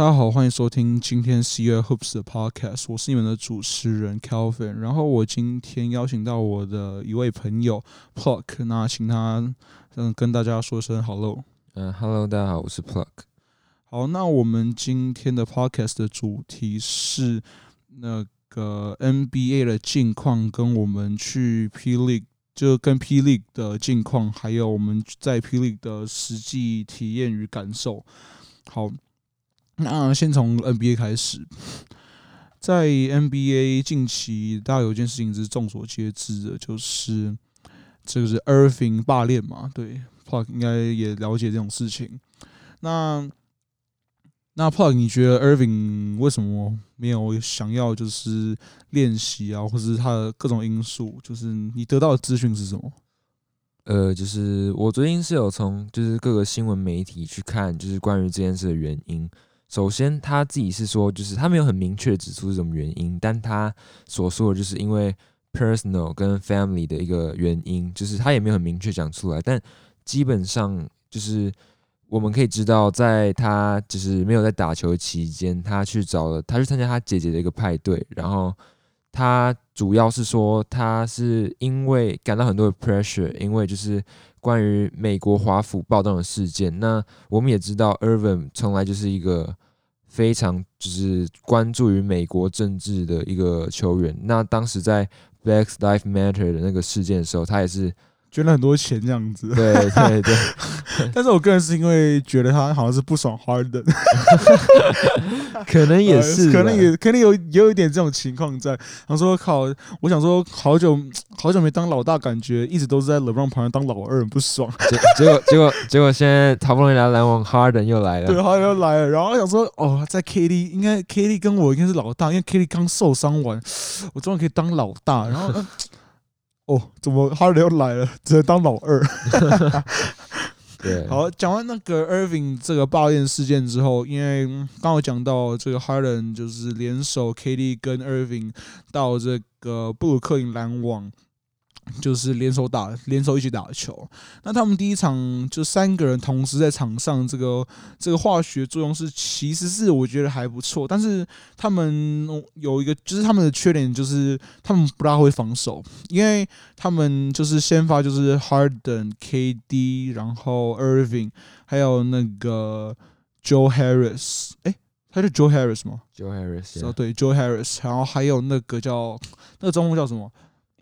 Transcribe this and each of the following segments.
大家好，歡迎收聽今天 CR Hoops 的 Podcast，我是你們的主持人 Calvin，然後我今天邀請到我的一位朋友 Pluck，那請他嗯跟大家說聲 Hello，嗯、uh, Hello，大家好，我是 Pluck。好，那我們今天的 Podcast 的主題是那個 NBA 的近況，跟我們去 P League 就跟 P League 的近況，還有我們在 P League 的實際體驗與感受。好。那先從 NBA 開始，在 NBA 近期，大家有一件事情是眾所皆知的，就是這個、就是 Irving 罷練嘛？對，Pluck 應該也了解這種事情。那那 Pluck 你覺得 Irving 為什麼沒有想要就是練習啊，或者他的各種因素？就是你得到的資訊是什麼？呃，就是我最近是有從就是各個新聞媒體去看，就是關於這件事的原因。首先，他自己是說，就是他沒有很明確指出是什麼原因，但他所說的就是因為 personal 跟 family 的一個原因，就是他也沒有很明確講出來。但基本上就是我們可以知道，在他就是沒有在打球期間，他去找了，他去參加他姐姐的一個派對，然後他主要是說，他是因為感到很多的 pressure，因為就是。關於美國華府暴動的事件，那我們也知道，Irving 從來就是一個非常就是關注於美國政治的一個球員。那當時在 Black Lives Matter 的那個事件的時候，他也是。捐了很多錢這樣子，對對對,對。 但是我個人是因為覺得他好像是不爽 Harden 可能也是、嗯，可能也肯定有有一點這種情況在。他說靠，我想說好久好久沒當老大，感覺一直都是在 LeBron 旁邊當老二，很不爽。結 結果結果結果現在好不容易來籃網，Harden 又來了，對，哈登又來了。然後我想說哦，在 KD 應該 KD 跟我應該是老大，因為 KD 剛受傷完，我終於可以當老大。然後。 哦，怎麼哈 a 又來了？只能當老二。對 ，yeah. 好，講完那個 Irving 這個霸言事件之後，因為剛好講到這個 h a r n 就是聯手 KD 跟 Irving 到這個布魯克林籃網。就是聯手打，聯手一起打球。那他們第一場就三個人同時在場上，這個這個化學作用是，其實是我覺得還不錯。但是他們有一個，就是他們的缺點就是他們不大會防守，因為他們就是先發就是 Harden、KD，然後 Irving，還有那個 Joe Harris，欸，哎，他叫 Joe Harris 嗎？Joe Harris，yeah，啊。對，Joe Harris。然後還有那個叫那個中鋒叫什麼？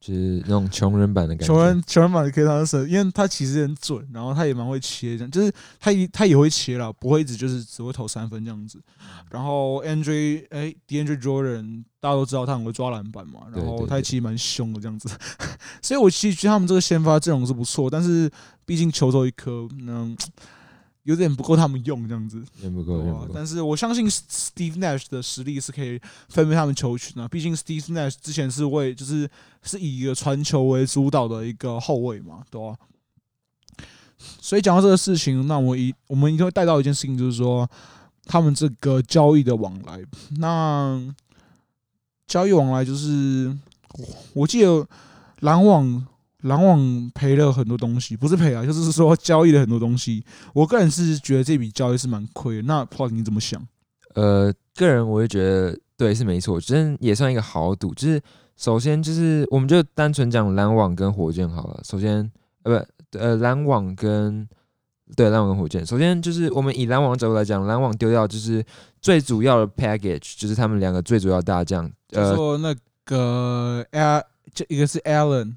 就是那種窮人版的感覺。窮人窮人版的 K 當是，因為他其實很準，然後他也蠻會切，這樣就是他一他也會切了，不會一直就是只會投三分這樣子。然後 Andre，欸 DeAndre 哎 Jordan，大家都知道他很會抓籃板嘛，然後他其實蠻兇的這樣子，對對對。所以我其實覺得他們這個先發陣容是不錯，但是畢竟球手一顆，嗯。有點不夠他們用這樣子，不夠，但是我相信 Steve Nash 的實力是可以分配他們球權的。畢竟 Steve Nash 之前是為就是是以一個傳球為主導的一個後衛嘛，對吧，啊？所以講到這個事情，那我一，我們一定會帶到一件事情，就是說他們這個交易的往來。那交易往來就是，我記得籃網。籃網賠了很多東西，不是賠啊，就是說交易了很多東西。我個人是覺得這筆交易是蠻虧的。那 Pluck，你怎麼想？呃，個人我也覺得對，是沒錯。其實，就是，也算一個豪賭。就是首先，就是我們就單純講籃網跟火箭好了。首先，呃，不，呃，籃網跟對，籃網跟火箭。首先，就是我們以籃網的角度來講，籃網丟掉就是最主要的 package，就是他們兩個最主要的大將。呃，就說那個艾，這一個是 Allen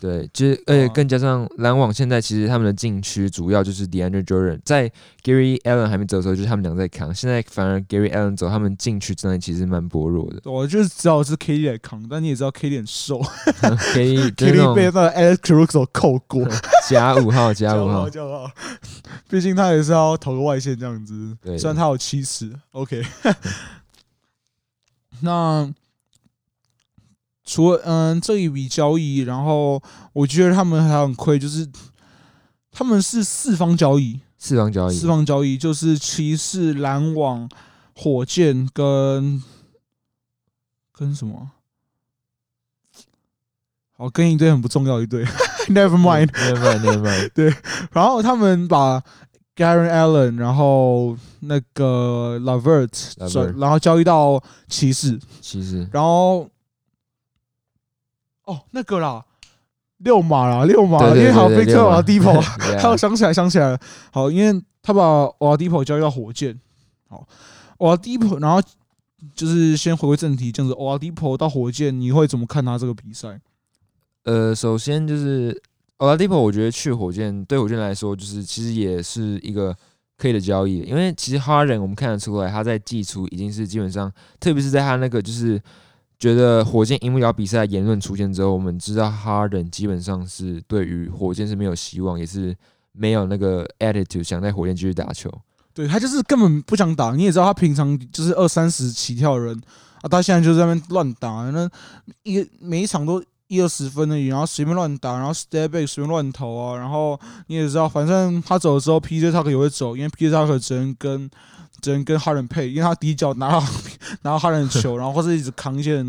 對，其實而且更加上籃網現在其實他們的禁區主要就是 DeAndre Jordan，在 Gary Allen 還沒走的時候，就是他們兩個在扛。現在反而 Gary Allen 走，他們禁區真的其實蠻薄弱的。我、哦、就是知道是 KD 來扛，但你也知道 KD 很瘦 ，KD 被那個 Alex Caruso 扣過。加五號，加五號，加五號。畢 竟他也是要投個外線這樣子，雖然他有七尺。OK， 嗯、那。除了嗯，這一筆交易，然後我覺得他們還很虧，就是他們是四方交易，四方交易，四方交易就是騎士、籃網、火箭跟跟什麼，好、哦、跟一堆很不重要一堆 Never mind，Never，Never，mind、no,。Never mind, never mind. 對，然後他們把 Garren Allen，然後那個 Lavert，Laver. 然後交易到騎士，騎士，然後。哦、oh，那個啦，六馬啦，六馬啦，對對對對對，因為好被叫啊，迪普，好，想起來，想起來了。 啊、好，因為他把瓦迪普交易到火箭，好，瓦迪普，然後就是先回歸正題，這樣子，瓦迪普到火箭，你會怎麼看他這個比賽？呃，首先就是瓦迪普，我覺得去火箭對火箭來說，就是其實也是一個可以的交易，因為其實哈人，我們看得出來，他在寄出已經是基本上，特別是在他那個就是。覺得火箭贏不了比賽言論出現之後，我們知道哈登基本上是對於火箭是沒有希望，也是沒有那個 attitude 想在火箭繼續打球。對，他就是根本不想打，你也知道他平常就是二三十起跳的人啊，他現在就是在那邊亂打，那一每一場都。一二十分的贏，然後隨便亂打，然後 step back 隨便亂投啊，然後你也知道，反正他走的時候 PJ Tucker 也會走，因為 PJ Tucker 只能跟只能跟哈倫配，因為他底腳拿到拿到哈倫的球，然後或者一直扛一些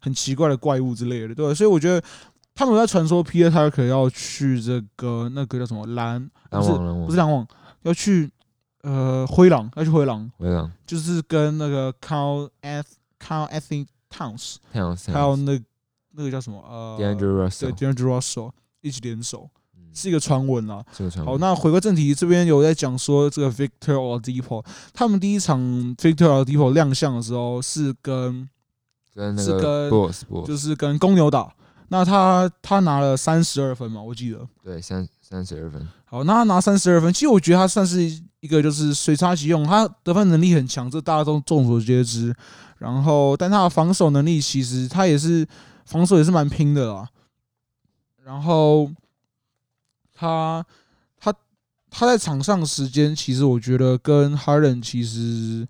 很奇怪的怪物之類的，對，所以我覺得他們在傳說 PJ Tucker 要去這個那個叫什麼藍，不是往往不是籃網，要去呃灰狼，要去灰狼灰狼就是跟那個 Karl Anth Karl Anthony Towns 還有那。那個叫什麼？呃，D'Angelo Russell，對，D'Angelo Russell，一起聯手、嗯、是一個傳聞啊，是個傳聞。好，那回歸正題，這邊有在講說這個 Victor Oladipo 他們第一場 Victor Oladipo 亮相的時候是跟跟那個 Boss, 是跟、Boss. 就是跟公牛打，那他他拿了三十二分嘛，我記得，對，三三十二分。好，那他拿三十二分，其實我覺得他算是一個就是隨插即用，他得分能力很強，這大家都眾所皆知。然後，但他的防守能力其實他也是。防守也是蠻拼的啦，然後他他他在場上時間其實我覺得跟 Harden 其實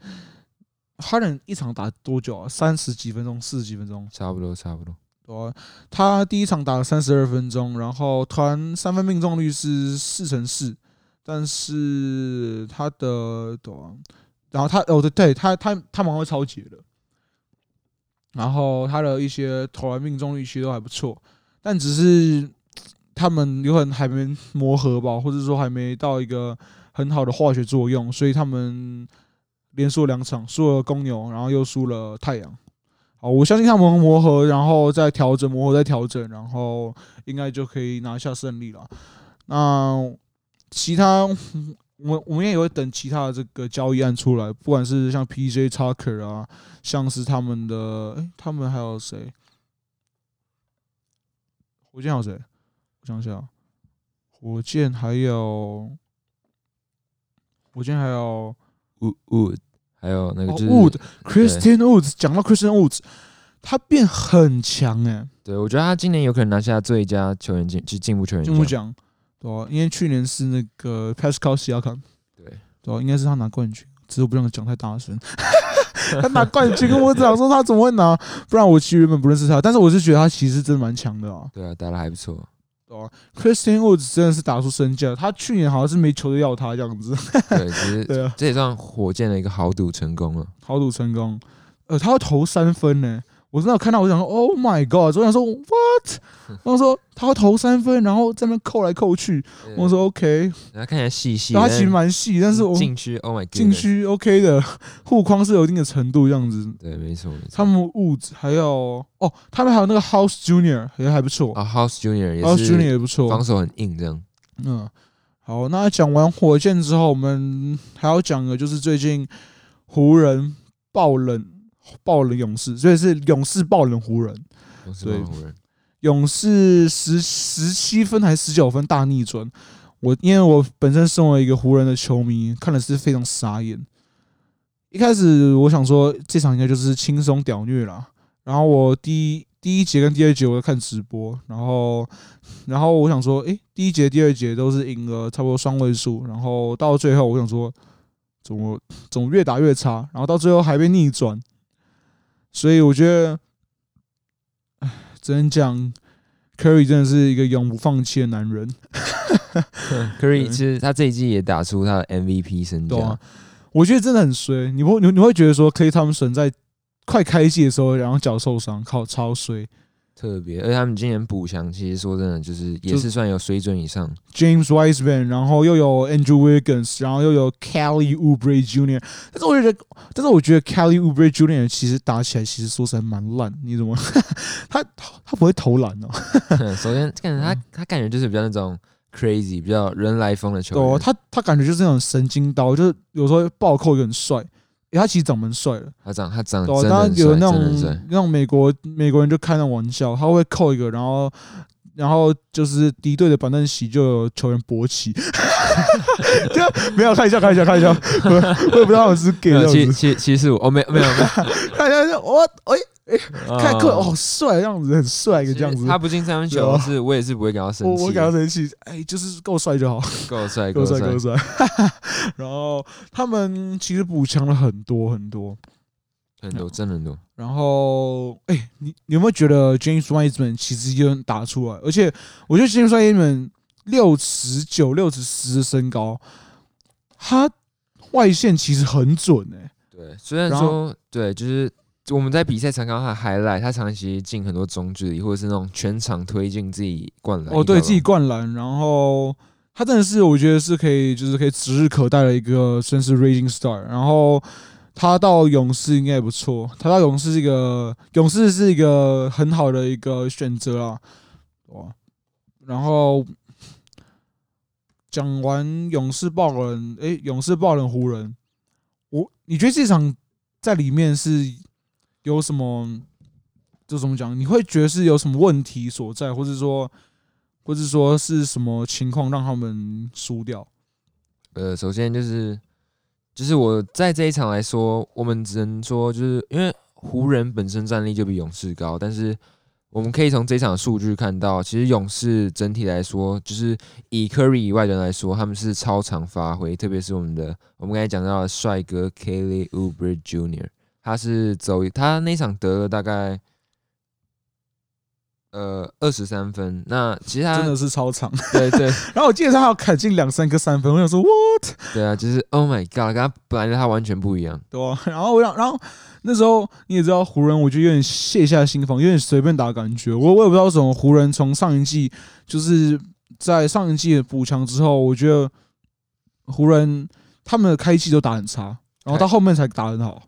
Harden 一場打多久啊？三十幾分鐘、四十幾分鐘？差不多，差不多。哦，他第一場打了三十二分鐘，然後團三分命中率是四成四，但是他的哦、啊，然後他哦對，對他他他蠻會超節的。然後他的一些投籃命中率其實都還不錯，但只是他們有可能還沒磨合吧，或者說還沒到一個很好的化學作用，所以他們連輸兩場，輸了公牛，然後又輸了太陽。好，我相信他們磨合，然後再調整，磨合再調整，然後應該就可以拿下勝利了。那其他。我我們也會等其他的這個交易案出來，不管是像 PJ Tucker 啊，像是他們的，哎、欸，他們還有誰？火箭還有誰？我想想，火箭還有，火箭還有 Wood Wood，還，還有那個就是 Wood、哦、Christian Woods。講到 Christian Woods，他變很強哎、欸，對我覺得他今年有可能拿下最佳球員進，就進步球員進步獎。對因、啊、為去年是那個 Pascal Siakam 對對，對啊、應該是他拿冠軍，只是我不想講太大聲。 他拿冠軍，跟我講說他怎麼會拿？不然我其實原本不認識他，但是我是覺得他其實真的蠻強的啊。對啊，打得還不錯。對、啊、Christian Wood 真的是打出身價，他去年好像是沒球隊要他這樣子。 對，其實、啊、這也算火箭的一個豪賭成功了。豪賭成功，呃，他要投三分呢、欸。我真的看到，我想說，Oh my god！我想說，What？ 我想說，他要投三分，然後在那邊扣來扣去。對對對，我說，OK。他看起來細細，他其實蠻細，但是禁區，Oh my God，禁區 OK 的護框是有一定的程度，這樣子。對，沒錯。他們物質還有哦，他們還有那個 House Junior 也還不錯。啊、oh,，House Junior House 也 House Junior 也不錯，防守很硬這樣。嗯，好，那講完火箭之後，我們還要講的，就是最近湖人爆冷。爆冷勇士，所以是勇士爆冷湖人。勇人對，勇士十十七分還是十九分大逆轉？我因為我本身身為一個湖人的球迷，看的是非常傻眼。一開始我想說，這場應該就是輕鬆屌虐啦。然後我第一第一節跟第二節我在看直播，然後然後我想說，哎、欸，第一節第二節都是贏了差不多雙位數，然後到最後我想說，怎麼怎麼越打越差，然後到最後還被逆轉。所以我覺得，哎，只能講，Curry 真的是一個永不放棄的男人 Curry 其實他這一季也打出他的 MVP 身價、啊，我覺得真的很衰。你不會你你會覺得說 Klay Thompson 他們存在快開季的時候，然後腳受傷，靠超衰。特別，而且他們今年補強，其實說真的，就是也是算有水準以上。James Wiseman，然後又有 Andrew Wiggins，然後又有 Kelly Oubre Jr，嗯。但是我覺得，但是我覺得 Kelly Oubre Jr 其實打起來其實說起來蠻爛。你怎麼？呵呵，他他不會投籃哦呵呵。首先感覺他、嗯、他感覺就是比較那種 crazy，比較人來瘋的球員。啊、他他感覺就是那種神經刀，就是有時候暴扣也很帥。欸、他其實長蠻帥的，他長他長得帥的，然後、啊、有那種那種美國美國人就開那種玩笑，他會扣一個，然後。然後就是敵對的板凳席就有球員勃起，哈哈哈，就，沒有看一下看一下看一下，我也不知道我是 gay 的。其其其實我沒沒有沒有，哦、沒沒有沒 看一下我哎、哦、哎，看個人哦好帥，這樣子很帥一個這樣子。他不進三分球、哦、是，我也是不會感到生氣，我感到生氣。哎，就是夠帥就好，夠帥夠帥夠帥。哈哈， 然後他們其實補強了很多很多。很多真的很多，嗯，然後哎、欸，你你有沒有覺得 James Wiseman 其實就能打出來？而且我覺得 James Wiseman 六尺九六尺十的身高，他外線其實很準哎、欸。對，雖然說對，就是我們在比賽場上看他的 highlight，長期進很多中距離或者是那種全場推進自己灌籃哦對，對自己灌籃，然後他真的是我覺得是可以，就是可以指日可待的一個，算是 Rising Star，然後。他到勇士應該也不錯。他到勇士，是一個勇士是一個很好的一個選擇啊。哇、啊，然後講完勇士爆冷，哎、欸，勇士爆冷湖人。我，你覺得這場在裡面是有什麼？就怎麼講？你會覺得是有什麼問題所在，或者說，或者說是什麼情況讓他們輸掉？呃，首先就是。就是我在這一場來說，我們只能說，就是因為湖人本身戰力就比勇士高，但是我們可以從這場數據看到，其實勇士整體來說，就是以 Curry 以外的人來說，他們是超常發揮，特別是我們的我們剛才講到的帥哥 Kelly Oubre Jr.，他是走他那場得了大概，呃，二十三分，那其他真的是超長，對對、對。 然後我記得他還有砍進兩三個三分，我想說 what？對啊，就是 oh my god，跟他本來就他完全不一樣，對啊。然後我想，然後那時候你也知道湖人，我就有點卸下心防，有點隨便打的感覺。我我也不知道為什麼湖人從上一季就是在上一季補強之後，我覺得湖人他們的開季都打很差，然後到後面才打得很好。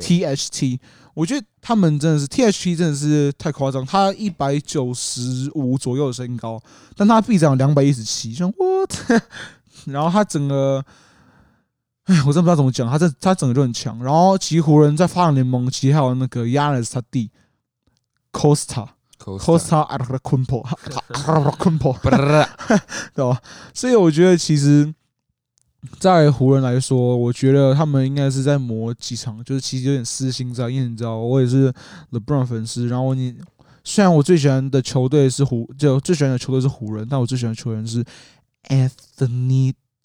T H T，我覺得他們真的是 T H T，真的是太誇張。他一百九十五左右的身高，但他臂展兩百一十七，像我操！然後他整個，哎，我真的不知道怎麼講，他這他整個就很強。然後，其實湖人在發展聯盟，還有那個 Yannis 他弟 Costa Costa Arrekoopo，知 Al -cumpo, 對吧？所以我覺得其實。在湖人來說，我覺得他們應該是在磨幾場，就是其實有點私心在。因為你知道，我也是 LeBron 粉絲。然後你，雖然我最喜歡的球隊是湖，就最喜歡的球隊是湖人，但我最喜歡的球員是 Anthony。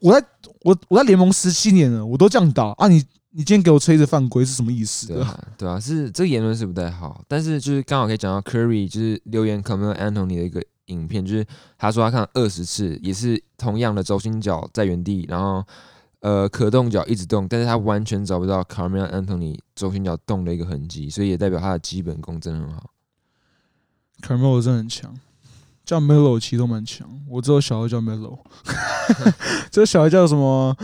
我在我我在聯盟十七年了，我都這樣打啊，你！你你今天給我吹着犯規是什麼意思的？對啊，對啊，是這個言論是不太好。但是就是剛好可以講到 Curry，就是留言 Carmelo Anthony 的一個影片，就是他說他看了二十次，也是同樣的軸心腳在原地，然後呃可動腳一直動，但是他完全找不到 Carmelo Anthony 軸心腳動的一個痕跡，所以也代表他的基本功真的很好。Carmelo 我真的很強。叫 Melo，其實都蠻強。我知道小孩叫 Melo，這個 小孩叫什麼？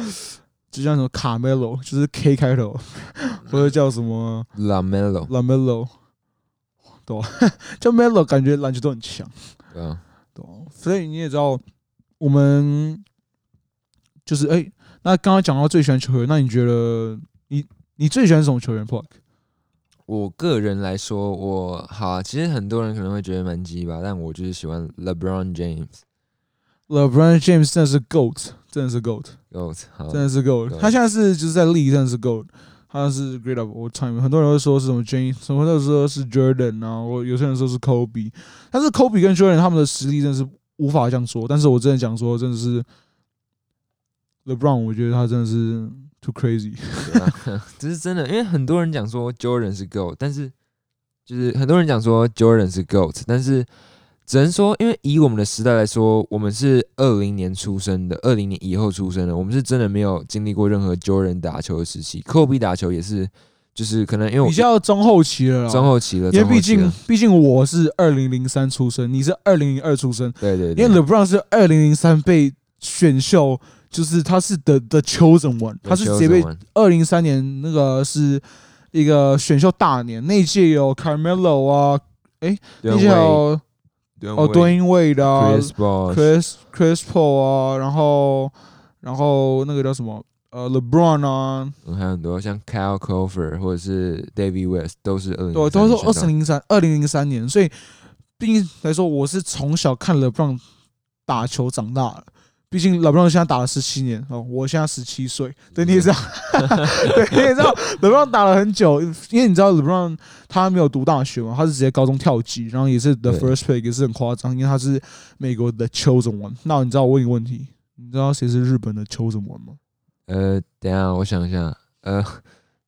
就叫什麼卡 Melo，就是 K 開頭，嗯、或者叫什麼 La Melo，La Melo，La Melo 對、啊，叫 Melo 感覺籃球都很強、啊。對、啊，所以你也知道，我們就是哎、欸，那剛剛講到最喜歡球員，那你覺得你你最喜歡什麼球員 Pluck 我個人來說，我好其實很多人可能會覺得蠻雞吧，但我就是喜歡 LeBron James。LeBron James 真的是 GOAT，真的是 GOAT，GOAT，真的是 GOAT。他現在是就是在立，真的是 GOAT。他是 Great of all time，很多人會說是什麼 James，什麼都說，是 Jordan 啊。我有些人說是 Kobe，但是 Kobe 跟 Jordan 他們的實力真的是無法這樣說。但是我真的想說，真的是 LeBron，我覺得他真的是。Too crazy，只 、啊、這是真的，因為很多人講說 Jordan 是 GOAT，但是就是很多人講說 Jordan 是 GOAT，但是只能說，因為以我們的時代來說，我們是二零年出生的，二零年以後出生的，我們是真的沒有經歷過任何 Jordan 打球的時期。Kobe 打球也是，就是可能因為比較中後期了啦，中後期了，因為畢竟畢竟我是二零零三出生，你是二零零二出生，對對，對，因為 LeBron 是二零零三被選秀。就是他是的的 chosen one，, one 他是特位二零三年，那個是一個選秀大年，那屆有 Carmelo 啊，誒、欸，那屆有哦 Dwyane Wade Chris Chris Paul 啊，然後然後那個叫什麼呃 LeBron 啊，嗯、還有很多像 Kyle Korver 或者是 David West 都是二零對，都是二零零三二零零三年，所以畢竟來說，我是從小看 LeBron 打球長大的。畢竟，LeBron 現在打了十七年哦，我現在十七歲，對，你也知道， 對，你也知道 ，LeBron 打了很久。因為你知道，LeBron 他沒有讀大學嘛，他是直接高中跳級，然後也是 the first pick，也是很誇張。因為他是美國的 chosen one。那你知道我問一個問題，你知道誰是日本的 chosen one 嗎？呃，等下，我想一下。呃，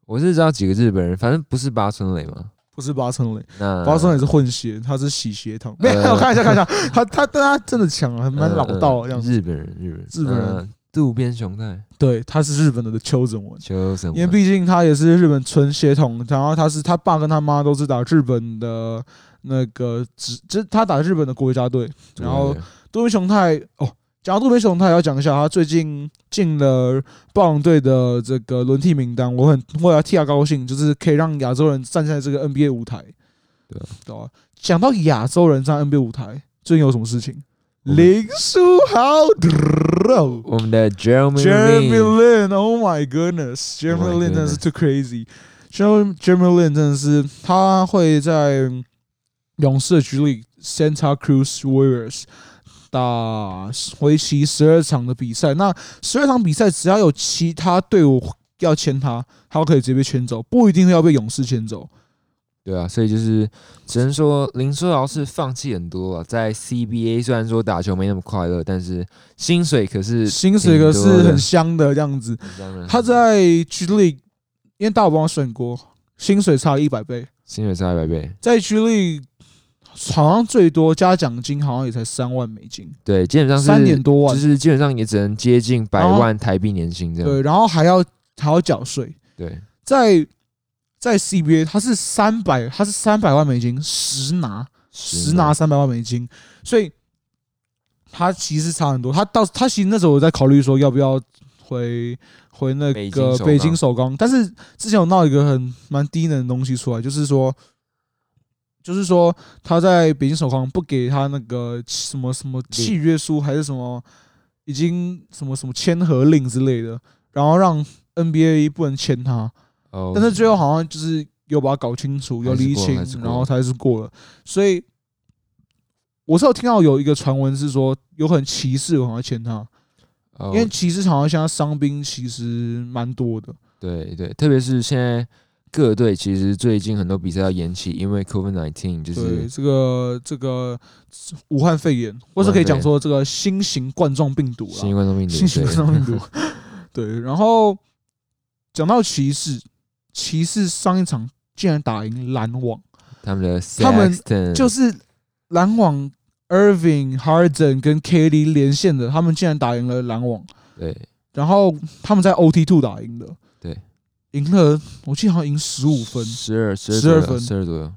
我是知道幾個日本人，反正不是八村塁嗎？不是八村壘，八村壘是混血，他是洗血統、呃。沒有，我看一下，看一下，他他但他,他,他真的強啊，還蠻老道的樣子、呃呃。日本人，日本人日本人、呃、渡邊雄太，對，他是日本的 the chosen one、chosen one，因為畢竟他也是日本純血統，然後他是他爸跟他媽都是打日本的那個，只只他打日本的國家隊，然後渡邊雄太哦。然後渡邊雄太，他也要講一下，他最近進了暴龍隊的這個輪替名單，我很我也要替他高興，就是可以讓亞洲人站在這個 NBA 舞台。對，講到亞洲人站 NBA 舞台，最近有什麼事情？嗯、林書豪、呃，我們的、German. Jeremy Lin oh my goodness Jeremy Lin、oh、真的是 too crazy，因為 Jeremy Lin 真的是他會在勇士的局裡 Santa Cruz Warriors。打為期十二場的比賽，那十二場比賽只要有其他隊伍要簽他，他可以直接被簽走，不一定會要被勇士簽走。對啊，所以就是只能說林書豪是放棄很多了，在 CBA 雖然說打球沒那麼快樂，但是薪水可是薪水可是很香的這樣子。很香的。他在 G League，因為大王選過，薪水差一百倍，薪水差一百倍，在 G League。好像最多加獎金，好像也才三萬美金。對，基本上是三點多萬，其實基本上也只能接近百萬台幣年薪這樣。對，然後還要還要繳稅。對，在在 CBA 他是三百，他是三百萬美金，實拿實拿三百萬美金，所以他其實差很多。他到他其實那時候我在考慮說要不要回回那個北京首鋼，但是之前有鬧一個很蠻低能的東西出來，就是說。就是說，他在北京首鋼，不給他那個什麼什麼契約書，還是什麼已經什麼什麼簽合令之類的，然後讓 NBA 不能簽他。Oh, 但是最後好像就是有把他搞清楚，有理清，然後他還是過了。所以，我是有聽到有一個傳聞是說，有可能騎士，我好要簽他，oh, 因為騎士好像現在傷兵其實蠻多的。對對，特別是現在。各隊其實最近很多比賽要延期，因為 COVID-19 就是這個這個武漢肺炎，或是可以講說這個新型冠狀病毒了。新型冠狀病毒，對。對 對，然後講到騎士，騎士上一場竟然打贏籃網，他們的他們就是籃網 Irving Harden 跟 KD 連線的，他們竟然打贏了籃網。對，然後他們在 OT two 打贏的。對。贏了，我記得好像贏十五分，十二、十二分、十二左右。左右左右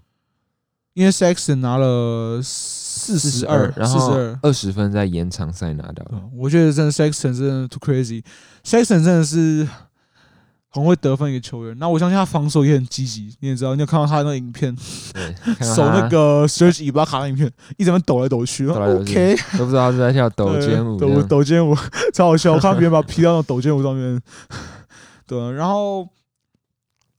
因為 Sexton 拿了四十二，然後二十分在延長賽拿到。我覺得真的 Sexton 真的 too crazy，Sexton 真的是很會得分一個球員。那我相信他防守也很積極，你也知道，你有看到他那個影片，他守那個 Serge 伊巴卡的影片，一直抖來抖去，OK，抖來、就是、都不知道他是在跳抖肩舞抖，抖肩舞超好笑，我看別人把他 P 到那抖肩舞上面。對，然後。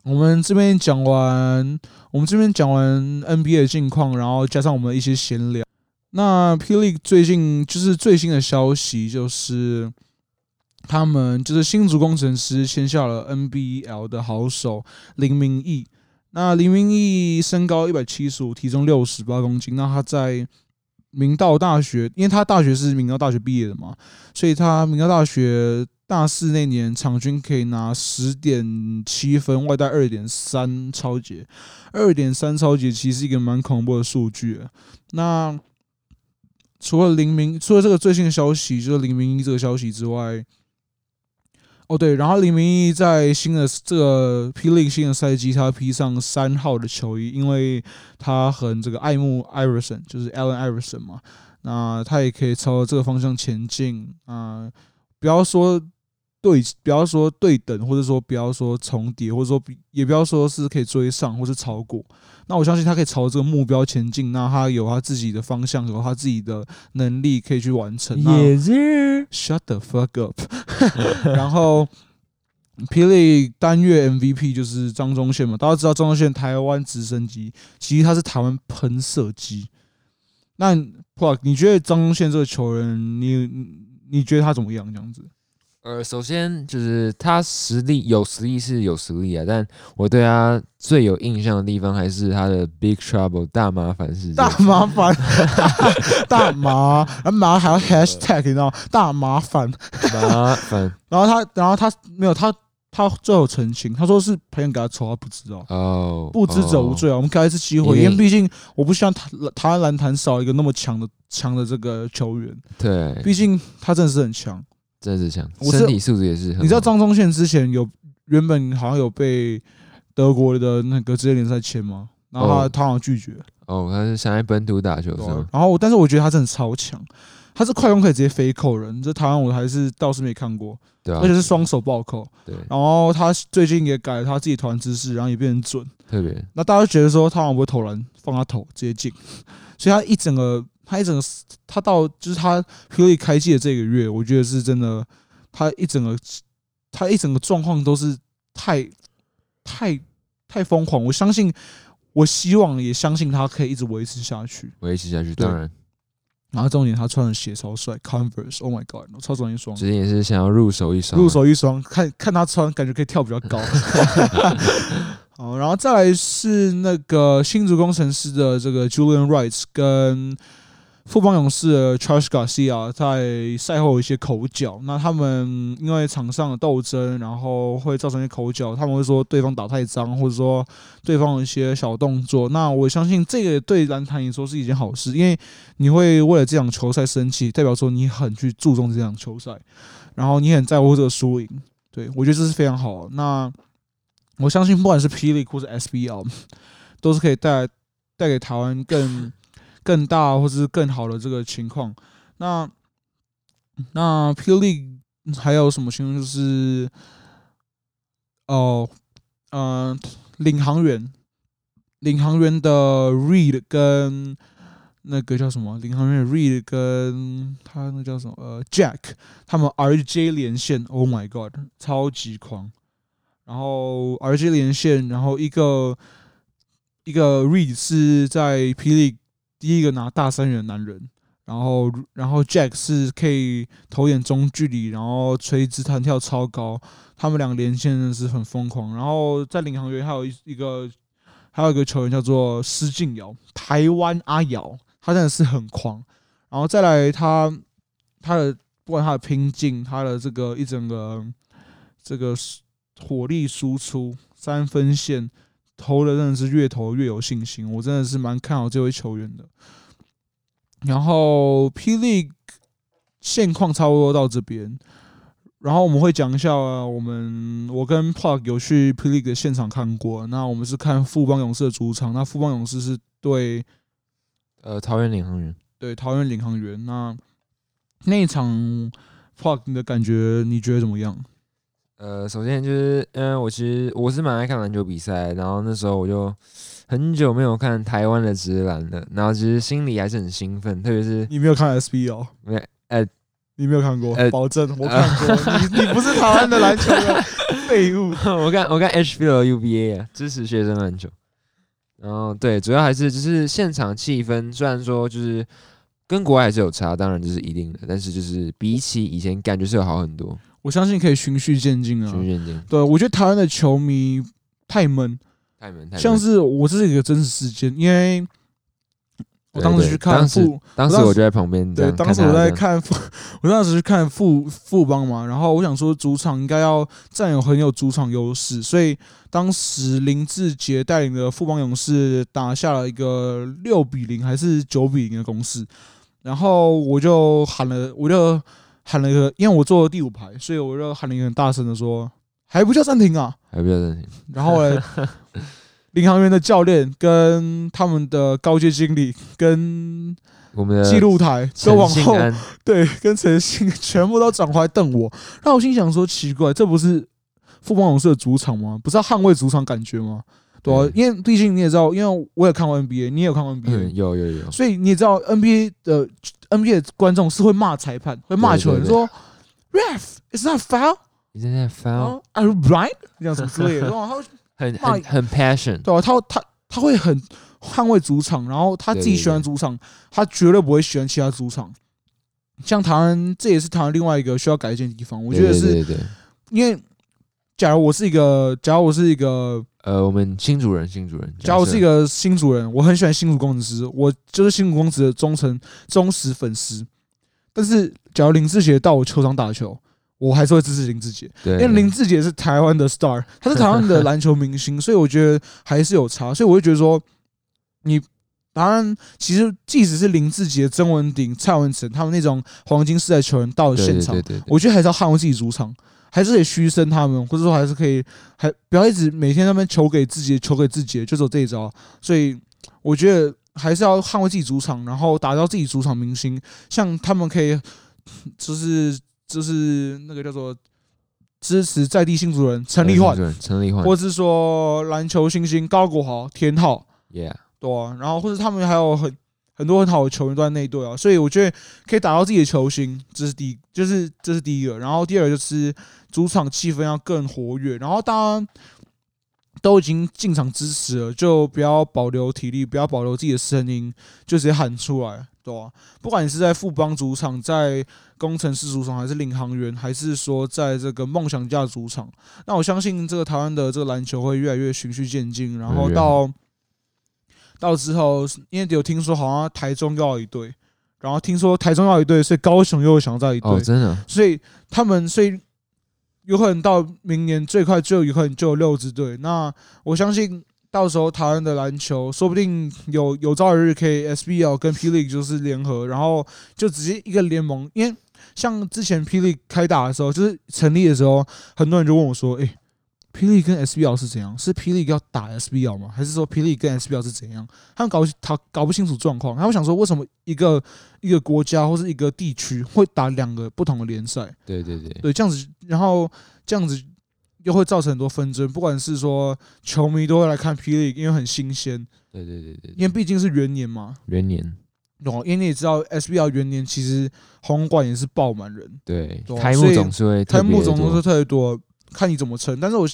我們這邊講完，我們這邊講完 NBA 的近況，然後加上我們一些閒聊。那 P. League 最近就是最新的消息，就是他們就是新竹攻城獅簽下了 NBL 的好手林明義。那林明義身高一百七十五，體重六十八公斤。那他在明道大學，因為他大學是明道大學畢業的嘛，所以他明道大學。大四那年，場均可以拿十點七分，外帶二點三抄截，二點三抄截其實是一個蠻恐怖的數據。那除了林明，除了這個最新的消息，就是林明一這個消息之外，哦對，然後林明一在新的這個 P. League 新的賽季，他披上三號的球衣，因為他很這個愛慕艾佛森，就是 Allen 艾佛森嘛。那他也可以朝着這個方向前進啊、呃，不要說。對，不要說對等，或者說不要說重疊，或者說也不要說是可以追上或是超過。那我相信他可以朝這個目標前進，那他有他自己的方向，有他自己的能力可以去完成。Yes, sir. Shut the fuck up。 然後，PLG 單月 MVP 就是張宗憲嘛？大家知道張宗憲台灣直升機，其實他是台灣噴射機。那，Pluck，你覺得張宗憲這個球員，你你覺得他怎麼樣？這樣子？呃，首先就是他實力有實力是有實力啊，但我對他最有印象的地方還是他的 Big Trouble 大麻煩是，是大麻煩， 大麻煩、 啊，麻煩還要 hashtag，你知道嗎？大麻煩，麻煩。 然後他，然後他沒有他，他最後澄清，他說是朋友給他抽，他不知道。哦、oh, oh.，不知者無罪啊，我們給他一次機會、嗯，因為畢竟我不希望他他籃壇少一個那麼強的強的這個球員。對，畢竟他真的是很強。真是強，身體素質也是很好。你知道張宗憲之前有原本好像有被德國的那個職業聯賽簽嗎？然後他好像拒絕哦。哦，他是想在本土打球的時候然後，但是我覺得他真的超強，他是快攻可以直接飛扣人，這台灣我還是倒是沒看過。對啊。而且是雙手暴扣。對。然後他最近也改了他自己投籃姿勢，然後也變成準。特別。那大家都覺得說他好像不會投籃，放他投直接進，所以他一整個。他一整個，他到就是他可以開季的這個月，我覺得是真的。他一整個，他一整個狀況都是太太太瘋狂。我相信，我希望也相信他可以一直維持下去，維持下去。當然，然後重點，他穿的鞋超帥，Converse，Oh my God，no, 超中意一雙。之前也是想要入手一雙，入手一雙，看看他穿，感覺可以跳比較高。 好，然後再來是那個新竹攻城獅的這個 Julian Wright s 跟。富邦勇士的 Charles Garcia 在賽後有一些口角，那他們因為場上的鬥爭，然後會造成一些口角，他們會說對方打太髒，或者說對方有一些小動作。那我相信這個對籃壇來說是一件好事，因為你會為了這場球賽生氣，代表說你很去注重這場球賽，然後你很在乎這個輸贏。對，我覺得這是非常好。那我相信不管是 PLG 或是 SBL，都是可以帶帶給台灣更。 更大或者是更好的這個情況，那那 P. League 還有什麼情況？就是哦，嗯、呃，領航員，領航員的 Reed 跟那個叫什麼？領航員的 Reed 跟他那個叫什麼？呃 Jack，他們 RJ 連線，Oh my God，超級狂！然後 RJ 連線，然後一個一個 Reed 是在 P. League，第一個拿大三元的男人，然後然後 Jack 是可以投遠中距離，然後垂直彈跳超高，他們兩個連線真的是很瘋狂。然後在領航猿，還有一一個，還有一個球員叫做施晉堯，台灣阿堯，他真的是很狂。然後再來他他的不管他的拼勁，他的這個一整個這個火力輸出三分線。投的真的是越投越有信心，我真的是蠻看好這位球員的。然後 P League 現況差不多到這邊，然後我們會講一下、啊、我們我跟 Pluck 有去 P League 的現場看過，那我們是看富邦勇士的主場，那富邦勇士是對呃桃園領航員，對桃園領航員。那那一場 Pluck 的感覺，你覺得怎麼樣？呃，首先就是，因為我其實我是蠻愛看籃球比賽，然後那時候我就很久沒有看台灣的職籃了，然後其實心裡還是很興奮，特別是你沒有看 SBL 沒、哦？呃，你沒有看過，保證我看過，你你不是台灣的籃球廢物，我看我看，看 HBL UBA 啊，支持學生籃球，然後對，主要還是就是現場氣氛，雖然說就是跟國外還是有差，當然這是一定的，但是就是比起以前感覺是要好很多。我相信可以循序漸進啊，循序漸進。對，我覺得台灣的球迷太悶，太悶。像是我這是一個真實事件，因為我當時去看富，當時我就在旁邊。對，當時我在看富，我當時去看富富邦嘛。然後我想說，主場應該要佔有很有主場優勢，所以當時林志杰帶領的富邦勇士打下了一個六比零還是九比零的攻勢，然後我就喊了，我就。喊了一個，因為我坐第五排，所以我就喊了一個很大聲的說：“還不叫暫停啊！”還不叫暫停。然後呢，領 航員的教練跟他們的高階經理跟我們的記錄台都往後，對，跟陳信全部都轉過來瞪我。讓我心想說：“奇怪，這不是富邦勇士的主場嗎？不是要捍衛主場感覺嗎？”對、啊，因為畢竟你也知道，因為我也看過 NBA，你也有看過 NBA，、嗯、有有有，所以你也知道 NBA 的 NBA 的觀眾是會罵裁判，會罵球員，說 ref, it's not foul, it's not foul，I'm right，這樣子之類的，鬼？ 然後他會很很很 passion，對、啊，他他他，他會很捍衛主場，然後他自己喜歡主場，對對對對，他絕對不會喜歡其他主場。像台灣，這也是台灣另外一個需要改進的地方。我覺得是對對對對，因為。假如我是一個，假如我是一個，呃，我們新竹人，新竹人。假如我是一個新竹人，我很喜歡新竹攻城獅，我就是新竹攻城獅的忠誠忠實粉絲。但是，假如林志杰到我球場打球，我還是會支持林志杰，對對對因為林志杰是台灣的 star，他是台灣的籃球明星， 所以我覺得還是有差。所以，我就覺得說，你當然，其實即使是林志杰、曾文鼎、蔡文誠他們那種黃金世代球員到了現場，對對對對對對對我覺得還是要捍衛自己主場。還是得噓聲他們，或者說還是可以，還不要一直每天他們求給自己，求給自己，就走這一招。所以我覺得還是要捍衛自己主場，然後打造自己主場明星，像他們可以，就是就是那個叫做支持在地新、欸、主人陳立煥，陳立煥，或者是說籃球新星,星高國豪、田浩、yeah. 對、啊，然後或者他們還有很。很多很好的球員都在內隊啊，所以我覺得可以打到自己的球星，這是第一，就是這是第一個。然後第二個就是主場氣氛要更活躍，然後大家都已經進場支持了，就不要保留體力，不要保留自己的聲音，就直接喊出來，對吧，啊？不管你是在富邦主場、在工程師主場，還是領航員，還是說在這個夢想家主場，那我相信這個台灣的這個籃球會越來越循序漸進，然後到，嗯。嗯到時候，因為有聽說好像台中要有一隊，然後聽說台中要有一隊，所以高雄又有想再一隊、哦，真的、啊。所以他們，所以有可能到明年最快，最快就有可能就有六支隊。那我相信到時候台灣的籃球，說不定有有朝一日可以 SBL 跟 P. League 就是聯合，然後就直接一個聯盟。因為像之前 P. League 開打的時候，就是成立的時候，很多人就問我說：“誒。P-League 跟 SBL 是怎樣？是 P-League 要打 SBL 嗎？還是說 P-League 跟 SBL 是怎樣？他們搞不搞不清楚狀況，他們想說為什麼一個一個國家或是一個地區會打兩個不同的聯賽？對，對對對對，這樣子，然後這樣子又會造成很多紛爭。不管是說球迷都會來看 P-League，因為很新鮮。對對對對，因為畢竟是元年嘛。元年，哦，因為你也知道 SBL 元年其實紅館也是爆滿人。對，開幕總是會開幕總是會特別多。看你怎麼撐，但是我，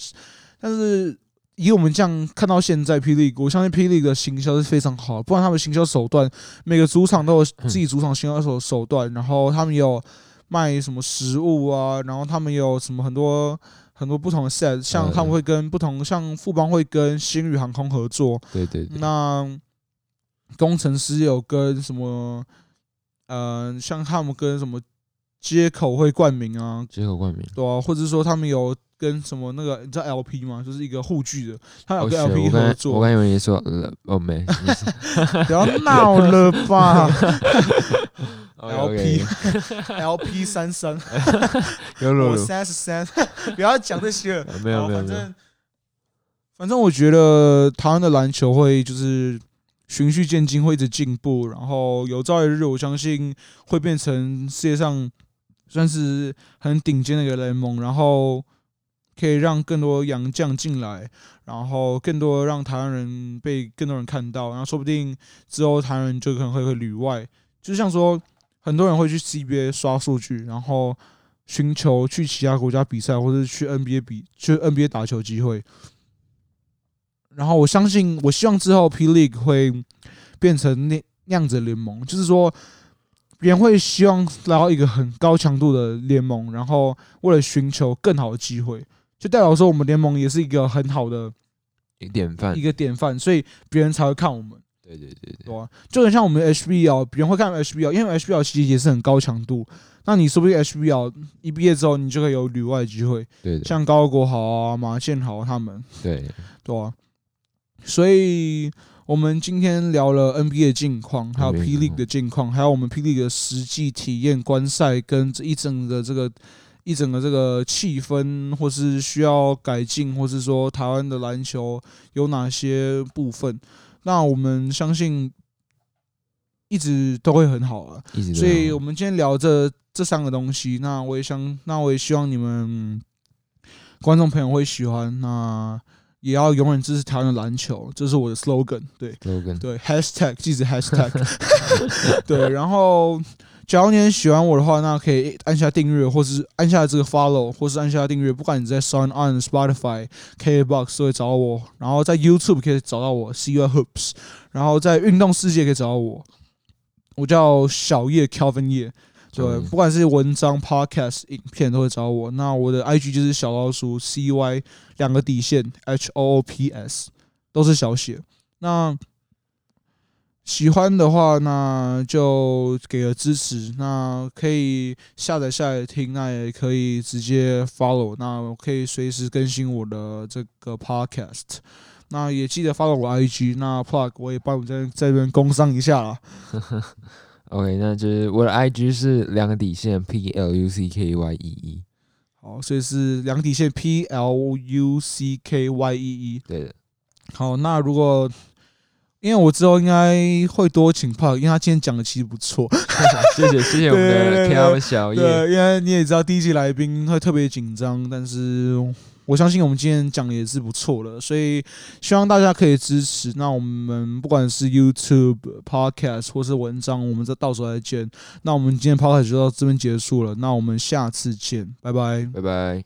但是以我們這樣看到現在，P League 我相信 P League 的行銷是非常好，不然他們行銷手段每個主場都有自己主場行銷手手段，嗯、然後他們有賣什麼食物啊，然後他們有什麼很多很多不同的 set，像他們會跟不同、嗯、像富邦會跟星宇航空合作，對對，對那，那攻城獅有跟什麼，嗯、呃，像他們跟什麼街口會冠名啊，街口冠名，對啊，或者說他們有跟什麼那個你知道 L P 嗎？就是一個護具的，他有跟 L P 合作。Oh, 我剛以為你說了，我沒，oh, man, 不要鬧了吧。L P，L P 三三，三， 不要講這些了。沒有沒有，反正反正我覺得台灣的籃球會就是循序漸進，會一直進步，然後有朝一日我相信會變成世界上算是很頂尖的一個聯盟，然後。可以讓更多洋將進來，然後更多讓台灣人被更多人看到，然後說不定之後台灣人就可能會會旅外，就像說很多人會去 CBA 刷數據，然後尋求去其他國家比賽或者去 NBA 比，去 NBA 打球機會。然後我相信，我希望之後 P League 會變成那樣子的聯盟，就是說，別人會希望來到一個很高強度的聯盟，然後為了尋求更好的機會。就代表說，我們聯盟也是一個很好的一個典範，一個典範，所以別人才會看我們。對對對對，對啊，就很像我們 HBL，別人會看 HBL，因為 HBL 其實也是很高強度。那你說不定 HBL 一畢業之後，你就會有旅外的機會。對，像高國豪啊、馬建豪他們。對對啊，所以我們今天聊了 NBA 的近況，還有霹靂的近況，還有我們霹靂的實際體驗觀賽跟這一整個這個。一整個這個氣氛，或是需要改進，或是說台灣的籃球有哪些部分？那我們相信一直都會很好了、啊啊。所以，我們今天聊着這三個東西。那我也想，那我也希望你們觀眾朋友會喜歡。那也要永遠支持台灣的籃球，這是我的 slogan, 對 slogan。對，slogan，對 hashtag，記住 hashtag。 對，然後。假如你喜歡我的話，那可以按下訂閱，或是按下這個 follow，或是按下訂閱。不管你在 SoundOn、Spotify、K Box 都會找到我，然後在 YouTube 可以找到我 CY Hoops，然後在運動世界可以找到我。我叫小葉 Kelvin Ye，對，嗯、不管是文章、Podcast、影片，都會找到我。那我的 IG 就是小老鼠 CY 兩個底線 H O O P S 都是小寫。那喜歡的話，那就給個支持。那可以下載下來聽，那也可以直接 follow，那可以隨時更新我的這個 podcast。那也記得 follow 我 IG，那 Pluck 我也幫你在，在這邊工商一下了。 OK，那就是我的 IG 是兩底線 pluckyee，好，所以是兩底線 pluckyee。對的，好，那如果，因為我知道應該會多請 Pluck，因為他今天講的其實不錯 謝謝謝謝我們的飄小葉。因為你也知道第一季來賓會特別緊張，但是我相信我們今天講的也是不錯的，所以希望大家可以支持。那我們不管是 YouTube podcast 或是文章，我們再到時候再見。那我們今天的 podcast 就到這邊結束了，那我們下次見，拜拜，拜拜。